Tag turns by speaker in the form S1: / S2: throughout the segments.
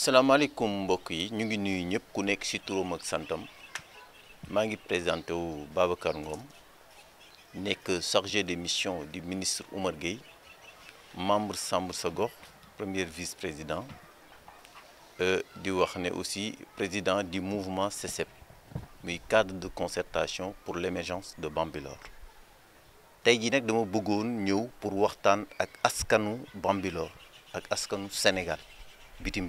S1: Salam alaikum yi ñu ngi nuyu ñëpp ku nekk ci turam ak santam maa ngi présenté Ngom nekk chargé de mission du ministre Oumar Gueye membre de Sa premier vice-président euh, di wax ne aussi président du mouvement CCEP Mais cadre de concertation pour l'émergence de Bambilor Nous sommes nag dama bëggoon ñëw pour waxtaan ak askanu Bambilor ak Sénégal bitim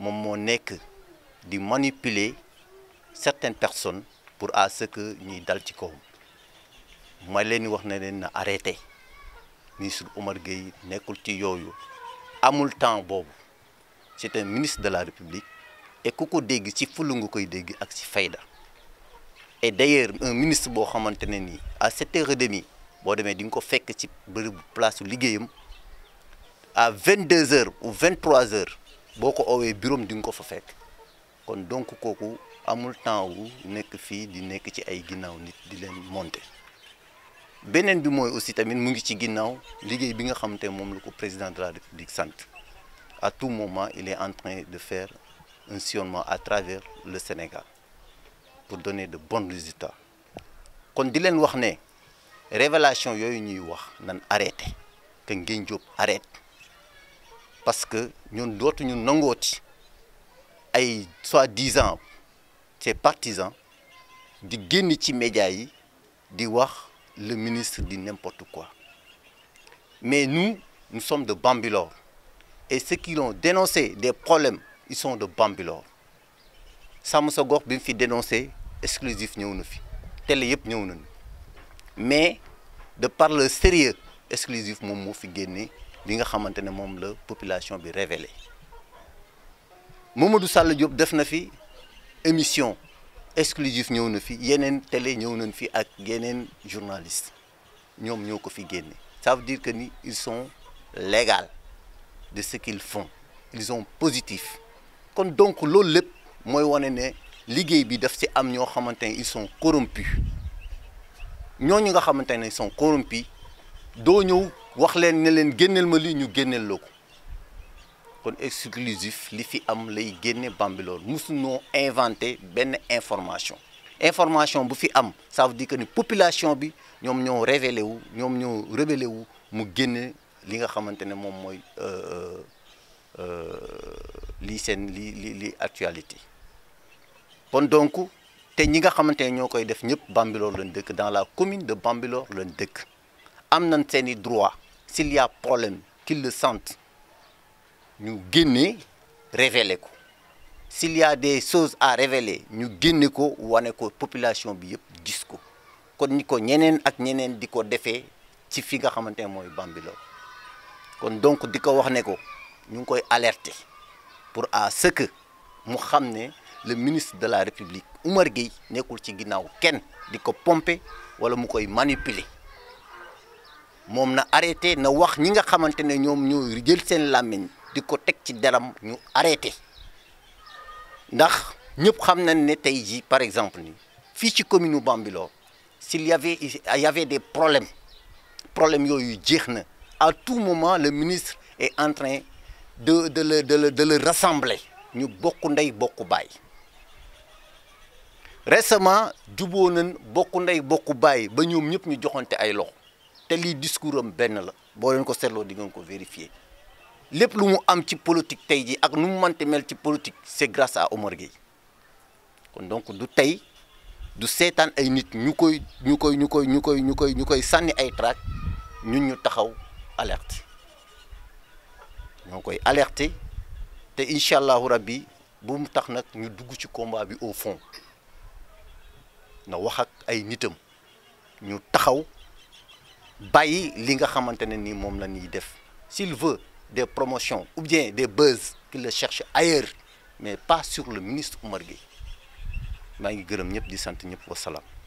S1: mon moo nekk di manipuler certaines personnes pour à ce que nous dal ci kawam ma leen arrêté wax ne ministre Omar Gueye ni ci yooyu amul temps boobu c'est un ministre de la République et ku ko dégg ci fulu nga koy ak ci fayda et d'ailleurs un ministre boo xamante ne nii à 7h30, demie boo demee di nga ko fekk ci place place liggéeyam à 22 h ou 23 h boko owe birom ding ko fa fek kon donc koku amul temps wu nek fi di nek ci ay ginnaw nit di len monter benen bi moy aussi tamit mu ngi ci ginnaw liguey bi nga xam te moom ko président de la république sante à tout moment il est en train de faire un sillonnement à travers le Sénégal pour donner de bons résultats kon di len wax ne révélation yoy ñuy wax nan arrêté que ngeen Diop arrête parce que nous devons être ay 10 disant ces partisans di génn ci médias yi di le ministre dit n'importe quoi mais nous nous sommes de Bambilor et ceux qui l'ont dénoncé des problèmes ils sont de Bambilor sàmm sa bi dénoncé exclusif ñëw na fi télé yépp mais de par sérieux exclusif mom mo fi li nga xamantene la population bi révélé Sall Diop def émission exclusive ñëw na télé nañ fi ak ça veut dire que ils sont légal de ce qu'ils font ils sont positifs kon donc bi daf ils sont corrompus Nous nga ils sont corrompus wax leen ne leen génneel ma lii ñu génneel la ko kon exclusif li fi am lay génne Bambilor mosunoo inventé benn information information bu fi am ça veut dire que ni population bi ñoom ñoo révélé wu ñoom ñoo révélé wu mu génne li nga xamante ne moom mooy euh, euh, euh, lii seen li li li actualité kon donc te ñi nga xamante ne ñoo koy def ñëpp Bambilor lañ dëkk dans la commune de Bambilor lañ dëkk droit s'il y a problème qu'ils le sentent nous révéler s'il y a des choses à révéler nous ko ko population bi disco. Quand ko kon nous ak nous Nous ci fi donc pour à ce que le ministre de la République Oumar Gueye ne ci kenn nous manipuler mom na arrêté na wax ñi nga xamante ne ñoo jël seen lamine diko tek ci deram ñu arrêté ndax ñëpp xam nañ ne tay ji par exemple ni fii ci commune bambilo s'il y avait il y avait des problèmes problèmes yoyu jeex na à tout moment le ministre est en train de de le de le de le rassembler ñu bokku ndey bokku bay récemment juboo nañ bokk ndey bokk ba ñom ñëpp ñu joxonté ay loxo te lii discours am benn la bo len ko setlo di ngeen ko vérifier lepp lu mu am ci politique tey jii ak nu mu mënti mel ci politique c'est grâce à Omar Gueye kon donc du tay du sétane ay nit ñukoy ñukoy ñukoy ñukoy ñukoy ñukoy sanni ay trac ñun ñu taxaw alerte ñoo koy alerter te incha allahu rabbi bu mu tax nak ñu dugg ci combat bi au fond na wax ak ay nitam ñu taxaw bàyyi li nga xamantene ni mom la ni def s'il veut des promotions ou bien des buzz qu'il le cherche ailleurs mais pas sur le ministre Oumar Gueye maa ngi gërëm ñëpp di sant ñëpp salam